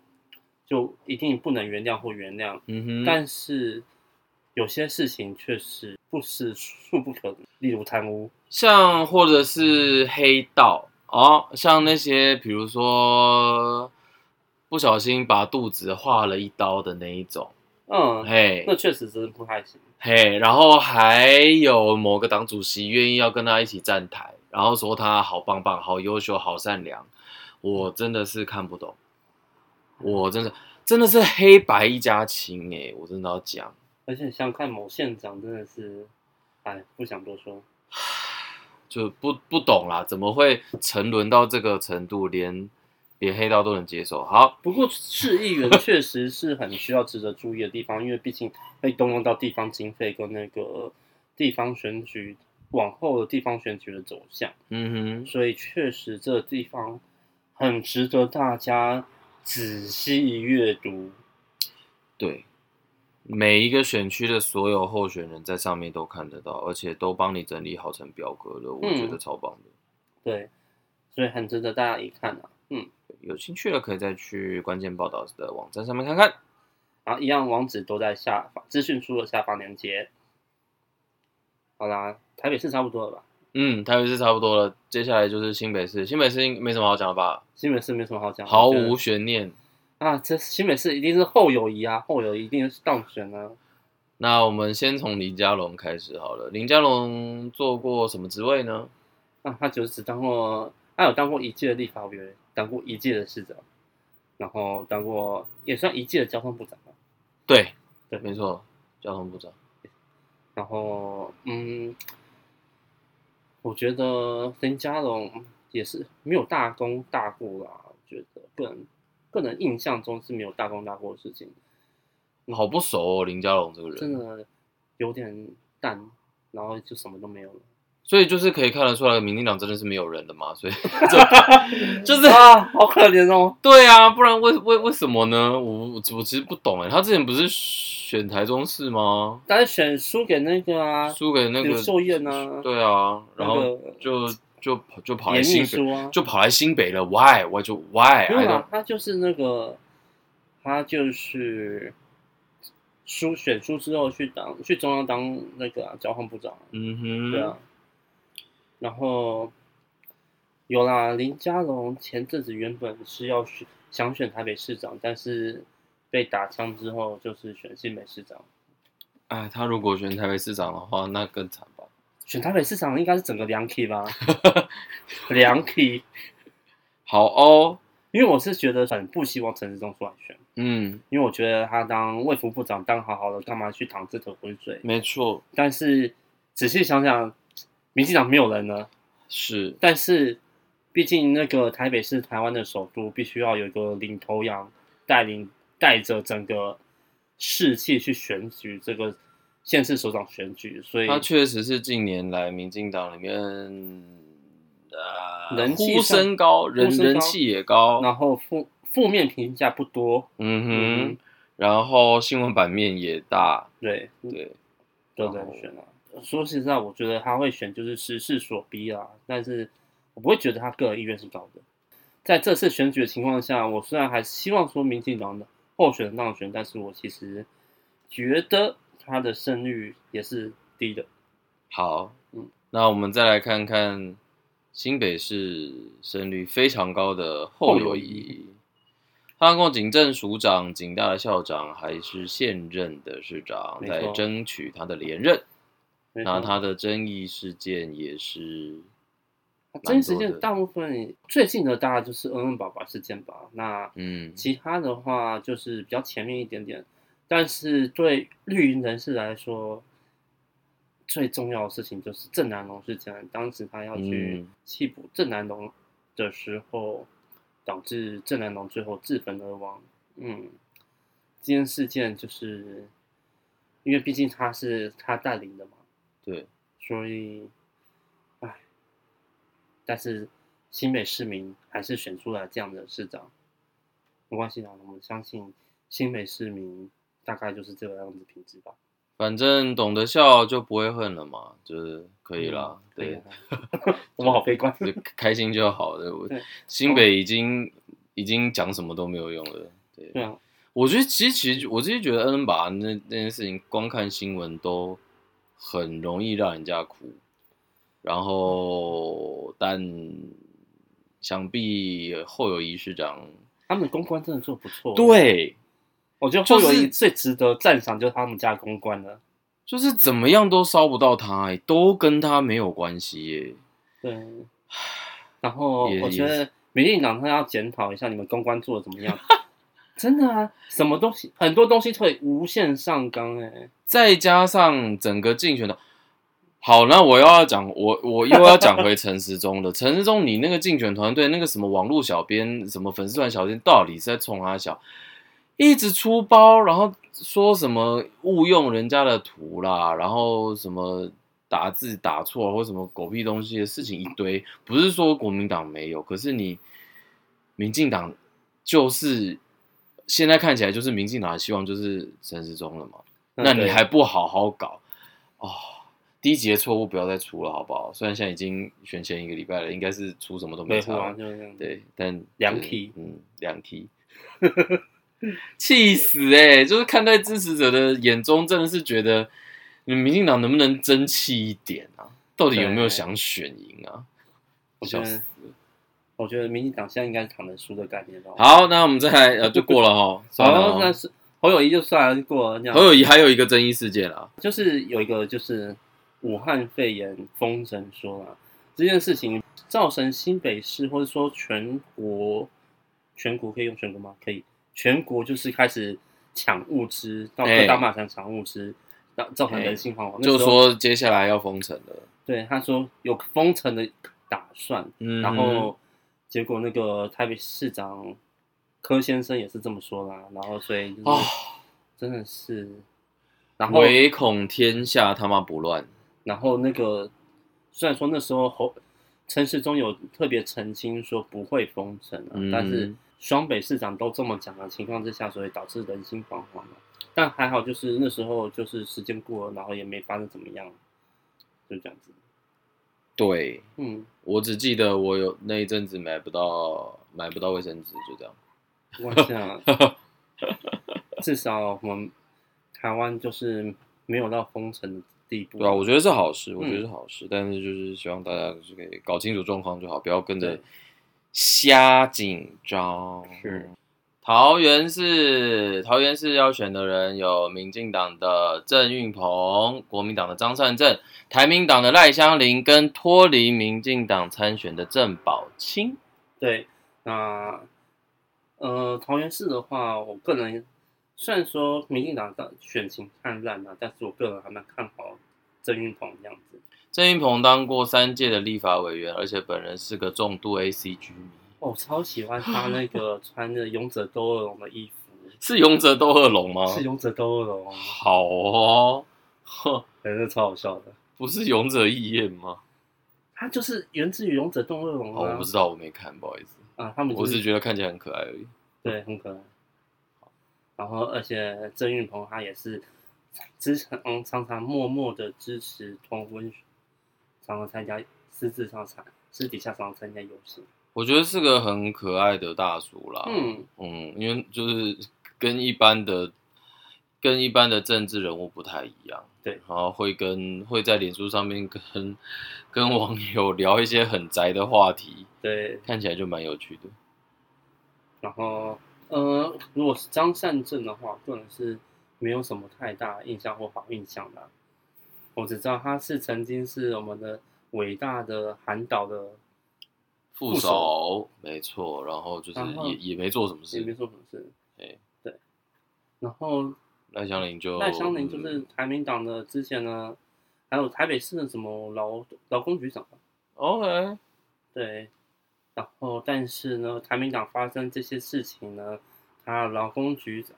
就一定不能原諒或原諒。嗯、哼但是。有些事情確實不是處不可，例如貪污，像或者是黑道哦，像那些比如說不小心把肚子劃了一刀的那一種，嗯，嘿 Hey，那確實真的不太行，嘿，hey, 然後還有某個黨主席願意要跟他一起站台，然後說他好棒棒、好優秀、好善良，我真的是看不懂，我真的真的是黑白一家親誒、欸，我真的要講。而且像看某縣長真的是，哎，不想多說，就不不懂啦，怎麼會沉淪到這個程度，連連黑道都能接受？好，不過市議員確實是很需要值得注意的地方， (laughs) 因為畢竟被動用到地方經費跟那個地方選舉往後的地方選舉的走向，嗯哼，所以確實這地方很值得大家仔細閱讀，對。每一個選區的所有候選人在上面都看得到，而且都幫你整理好成表格了，我覺得超棒的。嗯、對，所以很值得大家一看啊。嗯，有興趣的可以再去關鍵報導的網站上面看看。然後一樣，網址都在下方資訊書的下方鏈接。好啦，台北市差不多了吧？嗯，台北市差不多了，接下來就是新北市。新北市應該沒什麼好講的吧？新北市沒什麼好講，毫無懸念。就是啊，這新北市一定是侯友宜啊，侯友宜一定是當選呢、啊。那我們先從林佳龍開始好了。林佳龍做過什麼職位呢？啊，他就是只當過，他有當過一屆的立法委員，當過一屆的市長，然後當過也算一屆的交通部長。對，對，沒錯，交通部長。然後，嗯，我覺得林佳龍也是沒有大功大過啦、啊，我覺得不能。個人印象中是沒有大功大過的事情的。好不熟哦。林佳龍這個人真的有點淡，然後就什麼都沒有了。所以就是可以看得出來，民進黨真的是沒有人的嘛。所以 (laughs) (laughs) 就是啊，好可憐哦。對啊，不然為為為什麼呢？我我，我其實不懂哎，他之前不是選台中市嗎？但是選輸給那個啊，輸給那個秀燕啊。對啊，然後就。就跑就跑來新北，就跑來新北了 Why? Why Why?Why？Why？Why？沒有，他就是那個，他就是輸，選輸之後去當去中央當那個、啊、交通部長。啊、嗯哼，對啊。然後有啦，林佳龍前陣子原本是要選想選台北市長，但是被打槍之後就是選新北市長。哎，他如果選台北市長的話，那更慘。選台北市長應該是整個兩體吧？兩體，好哦。因為我是覺得很不希望陳時中出來選。嗯，因為我覺得他當衛福部長當好好的，幹嘛去趟這個渾水？沒錯。但是仔細想想，民進黨沒有人了。是。但是，畢竟那個台北是台灣的首都，必須要有一個領頭羊帶領，帶着整個士氣去選舉這個。縣市首長選舉，所以他確實是近年來民進黨裡面，呃，人呼聲高，人人氣也高，嗯、然後負負面評價不多，嗯哼，嗯哼，然後新聞版面也大，對對，都在對選啊。後說實在，我覺得他會選就是時勢所逼啦，但是我不會覺得他個人意願是高的。在這次選舉的情況下，我雖然還希望說民進黨的候選人當選，但是我其實覺得。他的勝率也是低的。好，嗯，那我們再來看看新北市勝率非常高的侯友宜，他共警政署長、警大的校長，還是現任的市長，錯在爭取他的連任。錯那他的爭議事件也是的、啊，爭議事件大部分最近的，大概就是恩恩寶寶事件吧。那嗯，其他的話就是比較前面一點點。但是對綠營人士來說，最重要的事情就是鄭南榕事件。當時他要去緝捕鄭南榕的時候，嗯、導致鄭南榕最後自焚而亡。嗯，這件事件就是，因為畢竟他是他帶領的嘛。對，所以，唉，但是新北市民還是選出了這樣的市長。沒關係的，我們相信新北市民。大概就是這樣的品質吧。反正懂得笑就不會恨了嘛，就是可以啦，嗯、對，我們好悲觀。開心就好了。對對我新北已經、哦、已經講什麼都沒有用了。對，對啊，我覺得其實其實我自己覺得 N，恩恩爸吧，那那件事情光看新聞都很容易讓人家哭。然後，但想必侯友宜市長，他們公關真的做得不錯。對。我覺得就是最值得讚賞，就是他們家的公關了，就是怎麼樣都燒不到他、欸，都跟他沒有關係耶、欸。對，然後我覺得民進黨他要檢討一下你們公關做的怎麼樣， (laughs) 真的啊，什麼東西很多東西可以無限上綱哎、欸，再加上整個競選的。好，那我要講我我又要講回陳時中的陳 (laughs) 時中，你那個競選團隊那個什麼網路小編什麼粉絲團小編，到底是在衝他小？一直出包，然後說什麼誤用人家的圖啦，然後什麼打字打錯，或什麼狗屁東西的事情一堆。不是說國民黨沒有，可是你民進黨就是現在看起來就是民進黨的希望就是陳時中了嘛？那，啊、那你還不好好搞哦？低級的錯誤不要再出了，好不好？雖然現在已經選前一個禮拜了，應該是出什麼都沒出。對，但兩題期、嗯，嗯，兩題，呵。 (laughs) 氣 (laughs) 死哎、欸！就是看在支持者的眼中，真的是覺得你們民進黨能不能爭氣一點啊？到底有沒有想選贏啊？我想死！我覺得，我覺得民進黨現在應該躺着輸的概念好。好，那我們再來呃，就過了吼。好，那是侯友宜就算了，就過了。了。侯友宜還有一個爭議事件啊，就是有一個就是武漢肺炎封城說啦，這件事情造成新北市，或者說全國全國可以用全國嗎？可以。全國就是開始搶物資，到各大賣場搶物資，欸、到造成人心惶惶，就說接下來要封城了。對，他說有封城的打算。嗯，然後結果那個台北市長柯先生也是這麼說啦。然後所以就是真的是，哦、然後唯恐天下他媽不亂。然後那個雖然說那時候侯陳時中有特別澄清說不會封城了，嗯、但是。雙北市長，都這麼講的情況之下，所以導致人心惶惶。但還好，就是那時候就是時間過了，然後也沒發生怎麼樣，就這樣子。對，嗯，我只記得我有那一陣子買不到買不到衛生紙，就這樣。我想， (laughs) 至少我們台灣就是沒有到封城的地步。對啊，我覺得是好事，我覺得是好事。嗯、但是就是希望大家就是可以搞清楚狀況就好，不要跟着。瞎緊張是。桃園市，桃園市要選的人有民進黨的鄭運鵬、國民黨的張善政、台民黨的賴香伶，跟脫離民進黨參選的鄭寶清。對，那呃，桃園市的話，我個人雖然說民進黨的選情看爛了啊，但是我個人還蠻看好鄭運鵬的樣子。鄭運鵬當過三屆的立法委員，而且本人是個重度 ACG。哦，超喜歡他那個穿著勇者鬥惡龍的衣服。 (laughs) 是勇者鬥惡龍嗎？是勇者鬥惡龍。好哦。呵、 (laughs) 欸，還是超好笑的。不是勇者義彥嗎？他就是源自於勇者鬥惡龍。哦。我不知道，我沒看，不好意思。啊，他們、就是，我只是覺得看起來很可愛而已。對，很可愛。 (laughs) 然後，而且鄭運鵬他也是，時常常常默默的支持同文學。常常參加，私自上參，私底下常,常常參加遊戲。我覺得是個很可愛的大叔啦。嗯嗯，因為就是跟一般的，跟一般的政治人物不太一樣。對，然後會跟會在臉書上面跟跟網友聊一些很宅的話題。對，看起來就蠻有趣的。然後，呃，如果是張善政的話，個人是沒有什麼太大的印象或好印象的啊。我只知道他是曾經是我們的偉大的韓導的副手，副手，沒錯，然後就是也後也沒做什麼事，也沒做什麼事，對嘿對，然後賴香伶就賴香伶就是台民黨的之前呢，嗯、還有台北市的什麼勞勞工局長，OK，對，然後但是呢，台民黨發生這些事情呢，他勞工局長。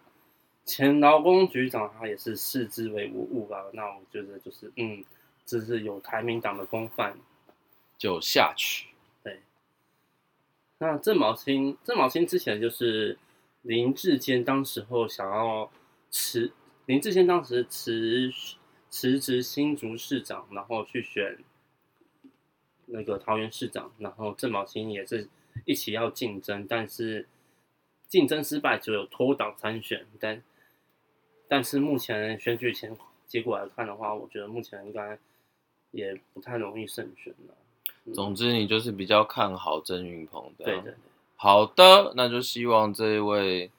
前勞工局長他也是視之為無物吧？那我覺得就是，嗯，這是有台民黨的風範就下去。對。那鄭茂清，鄭茂清之前就是林智堅，當時候想要辭，林智堅當時辭辭職新竹市長，然後去選那個桃園市長，然後鄭茂清也是一起要競爭，但是競爭失敗，只有脫黨參選，但。但是目前選舉前結果來看的話，我覺得目前應該也不太容易勝選了。嗯、總之，你就是比較看好鄭運鵬的、啊。對，對，對，好的，那就希望這一位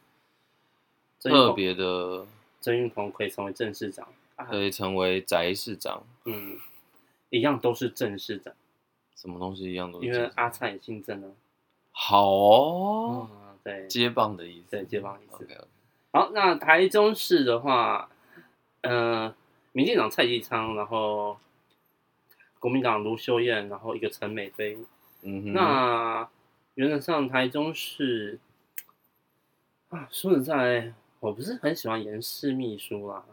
特別的鄭運鵬可以成為鄭市長，啊、可以成為翟市長。嗯，一樣都是鄭市長。什麼東西一樣都是鄭市長？因為阿燦也姓鄭啊。好、哦嗯。對。接棒的意思。對，接棒意思。Okay. 好，那台中市的話，呃，民進黨蔡其昌，然後國民黨盧秀燕，然後一個陳美妃。嗯哼。那原則上台中市啊，說實在，我不是很喜歡嚴氏秘書啦、啊，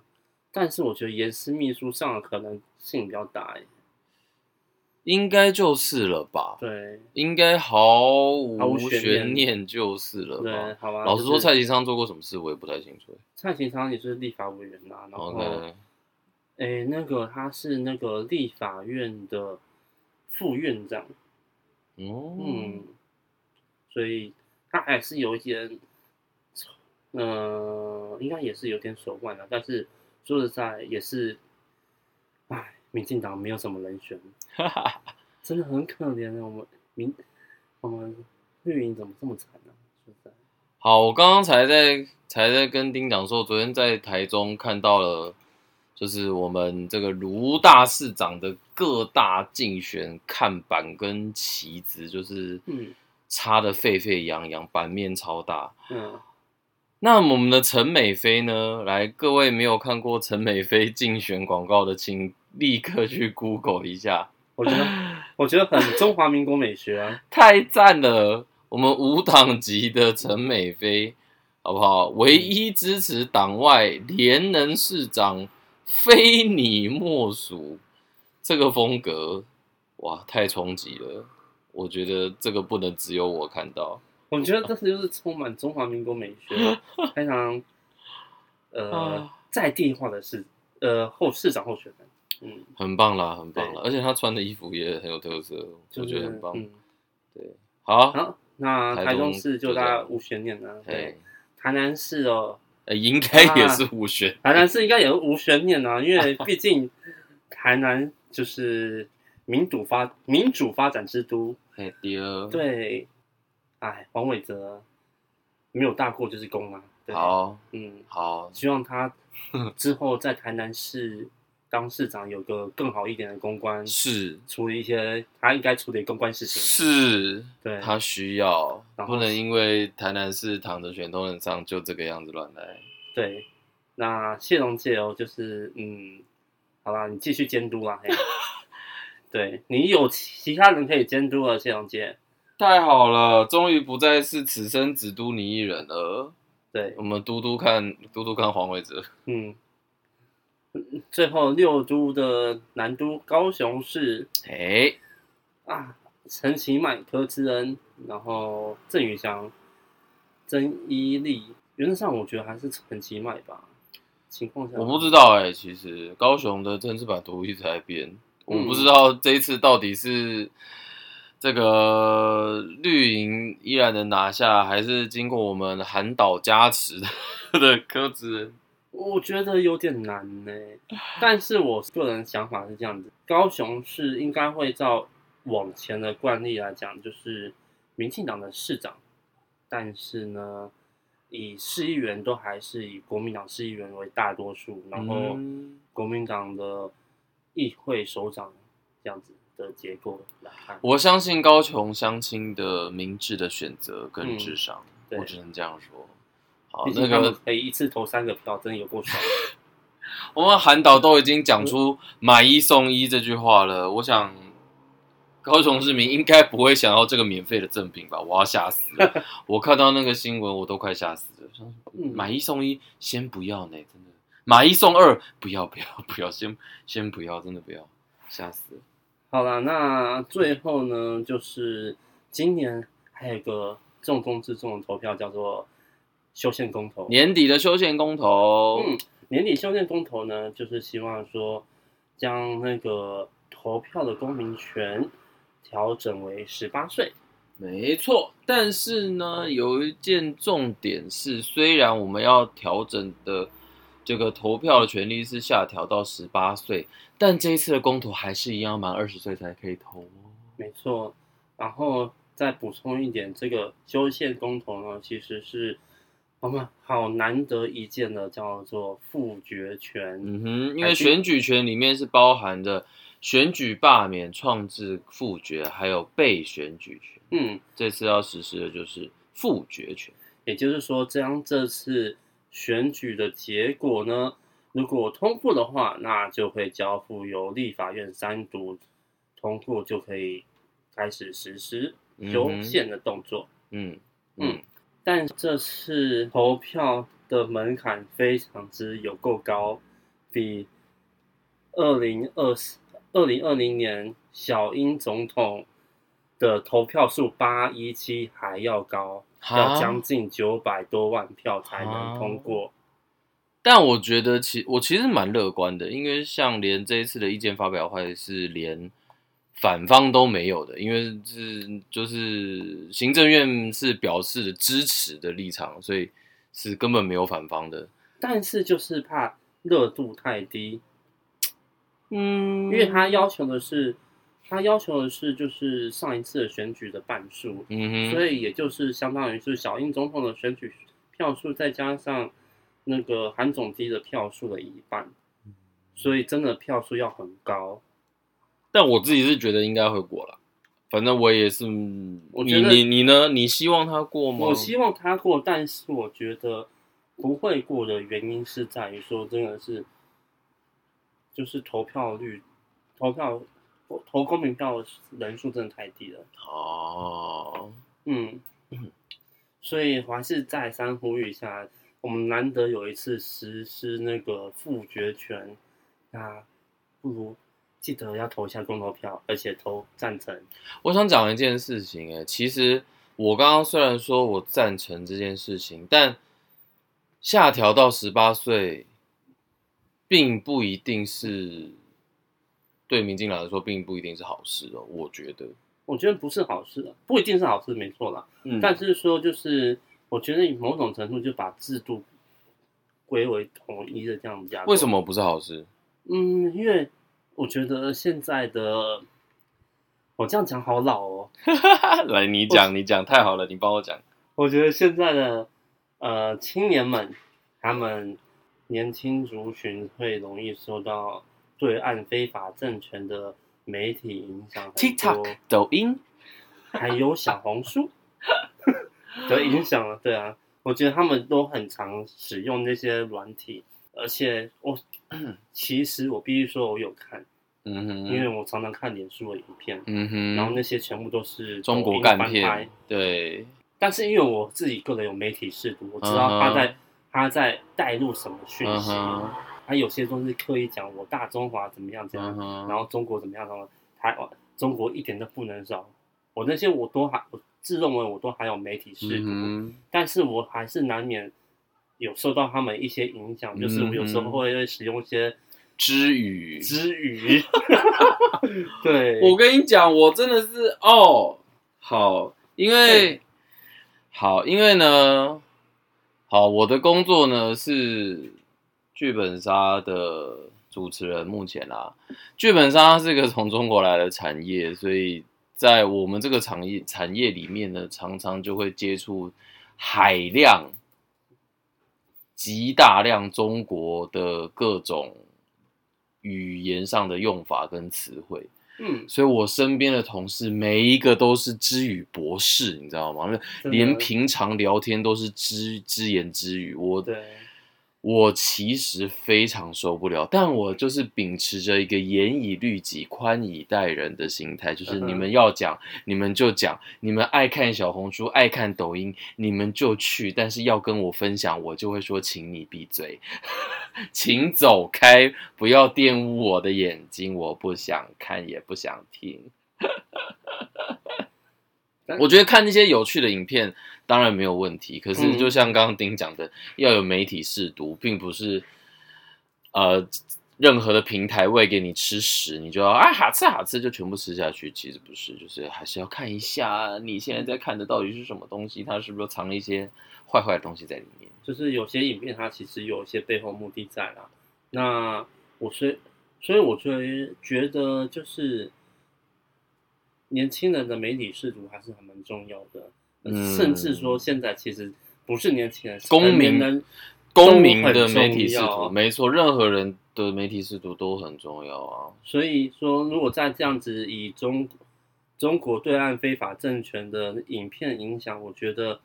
但是我覺得嚴氏秘書上的可能性比較大、欸。哎。應該就是了吧，對，應該毫無懸念就是了吧。好對好啊、老實說，蔡其昌做過什麼事，我也不太清楚、就是。蔡其昌也是立法委員啦、啊。然後，哎 Okay.、欸，那個他是那個立法院的副院長，哦、嗯嗯，所以他還是有一點、呃，應該也是有點手腕的、啊，但是說實在也是，哎。民進黨沒有什麼人選， (laughs) 真的很可憐我們民我們綠營怎麼這麼慘呢、啊？是是好，我剛剛才在才在跟丁講說，昨天在台中看到了，就是我們這個盧大市長的各大競選看板跟旗子，就是嗯，插的沸沸揚揚，版面超大。嗯，那我們的陳美飛呢？來，各位沒有看過陳美飛競選廣告的親。立刻去 Google 一下，我覺得，我覺得很中華民國美學啊， (laughs) 太讚了！我們無黨籍的陳美飛，好不好？唯一支持黨外連任市長，非你莫屬。這個風格，哇，太衝擊了！我覺得這個不能只有我看到。我覺得這次就是充滿中華民國美學， (laughs) 非常呃在地化的市，呃後市長候選人。嗯，很棒啦，很棒啦，而且他穿的衣服也很有特色，我覺得很棒。對，好，好，那台中市就大家無懸念了。對，台南市哦，哎，應該也是無懸。台南市應該也是無懸念啊，因為畢竟台南就是民主發民主發展之都。哎，第二，對，哎，黃偉哲沒有大過就是功啊。對，好，嗯，好，希望他之後在台南市，當市長有個更好一點的公關，是處理一些他應該處理公關事情。是，對，他需要，不能因為台南市躺着選都能上，就這個樣子亂來。對，那謝龍介哦，就是，嗯，好吧，你繼續監督啊。 (laughs) 對，你有其他人可以監督了，謝龍介。太好了，終於不再是此生只督你一人了。對，我們督督看，督督看黃偉哲。嗯。最後六都的南都高雄市，誒嘿，啊陳其邁柯志恩，然後鄭宇翔、曾伊利，原則上我覺得還是陳其邁吧。情況下我不知道哎、欸，其實高雄的政治版圖一直在變，嗯、我不知道這一次到底是這個綠營依然能拿下，還是經過我們韓導加持的，呵呵的柯志恩。我覺得有點難呢、欸，但是我個人想法是這樣子，高雄是應該會照往前的慣例來講，就是民進黨的市長，但是呢，以市議員都還是以國民黨市議員為大多數，然後國民黨的議會首長這樣子的結構來看，我相信高雄鄉親的明智的選擇跟智商，我只能這樣說。那個，哎，oh, 一次投三個票， (laughs) 真的有夠爽。我們韓導都已經講出“買一送一”這句話了，我想高雄市民應該不會想要這個免費的贈品吧？我要嚇死了！ (laughs) 我看到那個新聞，我都快嚇死了。想說，買一送一，嗯、先不要呢，真的。買一送二，不要不要不要，先先不要，真的不要，嚇死了。好了，那最後呢，就是今年還有一個重中之重的投票，叫做。修憲公投，年底的修憲公投，嗯，年底修憲公投呢，就是希望說，將那個投票的公民權調整為十八歲，沒錯。但是呢，有一件重點是，雖然我們要調整的這個投票的權利是下調到十八歲，但這一次的公投還是一樣，滿二十歲才可以投。沒錯，然後再補充一點，這個修憲公投呢，其實是。我們好難得一見的叫做複決權。嗯哼，因為選舉權裡面是包含的選舉、罷免、創制、複決，還有被選舉權。嗯，這次要實施的就是複決權。也就是說，這樣這次選舉的結果呢，如果通過的話，那就會交付由立法院三讀通過，就可以開始實施修憲的動作。嗯嗯。嗯嗯但這次投票的門檻非常之有夠高，比二零二四二零二零年小英總統的投票數八一七還要高，要將近九百多萬票才能通過。但我覺得其，其我其實蠻樂觀的，因為像連這一次的意見發表會是連。反方都沒有的，因為是就是行政院是表示支持的立場，所以是根本沒有反方的。但是就是怕熱度太低，嗯，因為他要求的是他要求的是就是上一次的選舉的半數，嗯哼，所以也就是相當於是小英總統的選舉票數再加上那個韓總低的票數的一半，所以真的票數要很高。但我自己是覺得應該會過了，反正我也是。我你你你呢？你希望他過嗎？我希望他過，但是我覺得不會過的原因是在於說，真的是，就是投票率、投票投投公民票人數真的太低了。哦、啊，嗯，嗯所以還是再三呼籲一下，我們難得有一次實施那個複決權，那、啊、不如。記得要投一下公投票，而且投贊成。我想講一件事情，欸，哎,其實我剛剛雖然說我贊成這件事情，但下調到十八歲，並不一定是對民進黨來說並不一定是好事哦。我覺得，我覺得不是好事，不一定是好事，沒錯啦。嗯、但是說就是，我覺得某種程度就把制度歸為統一的這樣子。為什麼不是好事？嗯，因為。我覺得現在的，我這樣講好老哦。 (laughs) 來，你講，我你講，太好了，你幫我講。我覺得現在的呃青年們，他們年輕族群會容易受到對岸非法政權的媒體影響，TikTok、抖音 (laughs) 還有小紅書的影響了。 (laughs) 對啊，我覺得他們都很常使用這些軟體。而且我其實我必須說，我有看，嗯哼因為我常常看臉書的影片，嗯哼，然後那些全部都是中國片，對。但是因為我自己個人有媒體識讀，我知道他在、嗯、哼他在帶入什麼訊息，嗯、哼他有些東西刻意講我大中華怎麼樣怎樣，嗯、哼然後中國怎麼樣怎麼，台灣中國一點都不能少。我那些我都還，我自認為我都還有媒體識讀，嗯、哼但是我還是難免，有受到他們一些影響，就是有時候會使用一些支語、支語。餘 (laughs) 對，我跟你講，我真的是哦，好，因為對好，因為呢，好，我的工作呢是劇本殺的主持人。目前啊，劇本殺是一個從中國來的產業，所以在我們這個產業產業裡面呢，常常就會接觸海量。極大量中國的各種語言上的用法跟詞彙，嗯，所以我身邊的同事每一個都是支語博士，你知道嗎？嗯，連平常聊天都是支支言、支語，我。對我其實非常受不了，但我就是秉持着一個嚴以律己、寬以待人的心態。就是你們要講，你們就講；你們愛看小紅書、愛看抖音，你們就去。但是要跟我分享，我就會說：“請你閉嘴， (laughs) 請走開，不要玷污我的眼睛，我不想看，也不想聽。 (laughs) ”我覺得看那些有趣的影片當然沒有問題，可是就像剛剛丁講的，嗯、要有媒體識讀，並不是，呃，任何的平台餵給你吃屎，你就要啊好吃好吃就全部吃下去，其實不是，就是還是要看一下你現在在看的到底是什麼東西，它是不是藏了一些壞壞的東西在裡面？就是有些影片它其實有一些背後目的在啦、啊。那我以所以，我覺得覺得就是。年輕人的媒體視圖還是還蠻重要的，嗯、甚至說現在其實不是年輕人，公民、人人啊、公民的媒體視圖，沒錯，任何人的媒體視圖都很重要啊。所以說，如果在這樣子以中、嗯、中國對岸非法政權的影片影響，我覺得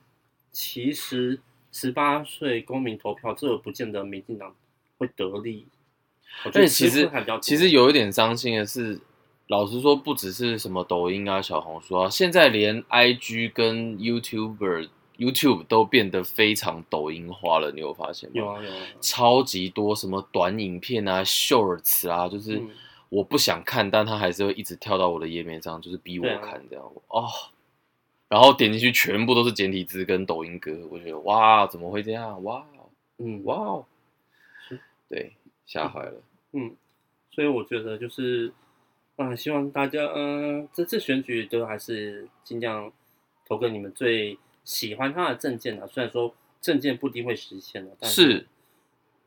其實十八歲公民投票，這不見得民進黨會得利。但其實我覺得其實有一點傷心的是。老實說，不只是什麼抖音啊、小紅書啊，現在連 I G 跟 YouTuber、YouTube 都變得非常抖音化了。你有發現嗎？有啊，有啊，有啊，超級多什麼短影片啊、shorts 啊，就是我不想看，嗯、但他還是會一直跳到我的頁面上，就是逼我看這樣。啊、哦，然後點進去，全部都是簡體字跟抖音歌。我覺得哇，怎麼會這樣？哇，嗯，哇，對，嚇壞了嗯。嗯，所以我覺得就是。啊、嗯，希望大家，嗯、呃，這次選舉都還是盡量投給你們最喜歡他的政見的、啊。雖然說政見不一定會實現的、啊，但是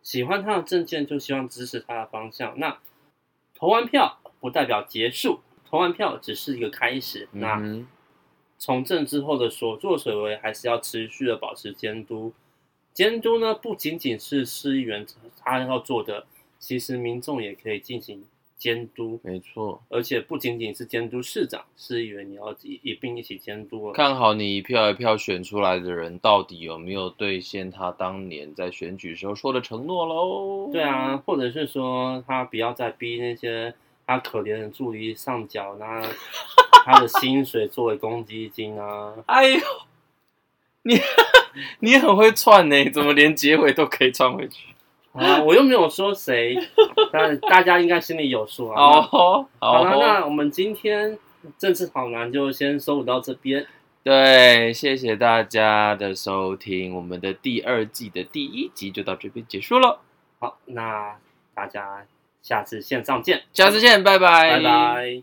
喜歡他的政見，就希望支持他的方向。那投完票不代表結束，投完票只是一個開始。那從政之後的所作所為，還是要持續的保持監督。監督呢，不僅僅是市議員他要做的，其實民眾也可以進行。監督沒錯，而且不僅僅是監督市長，是因為你要一併一,一起監督。看好你一票一票選出來的人，到底有沒有兌現他當年在選舉時候說的承諾嘍？對啊，或者是說他不要再逼那些他可憐的助理上繳他他的薪水作為公積金啊？ (laughs) 哎呦，你呵呵你很會串呢，欸，怎麼連結尾都可以串回去？啊，我又沒有說誰， (laughs) 但大家應該心裡有數啊。哦，好了、啊，那我們今天政治好男，就先收錄到這邊。對，謝謝大家的收聽，我們的第二季的第一集就到這邊結束了。好，那大家下次線上見，下次見，拜拜，拜拜。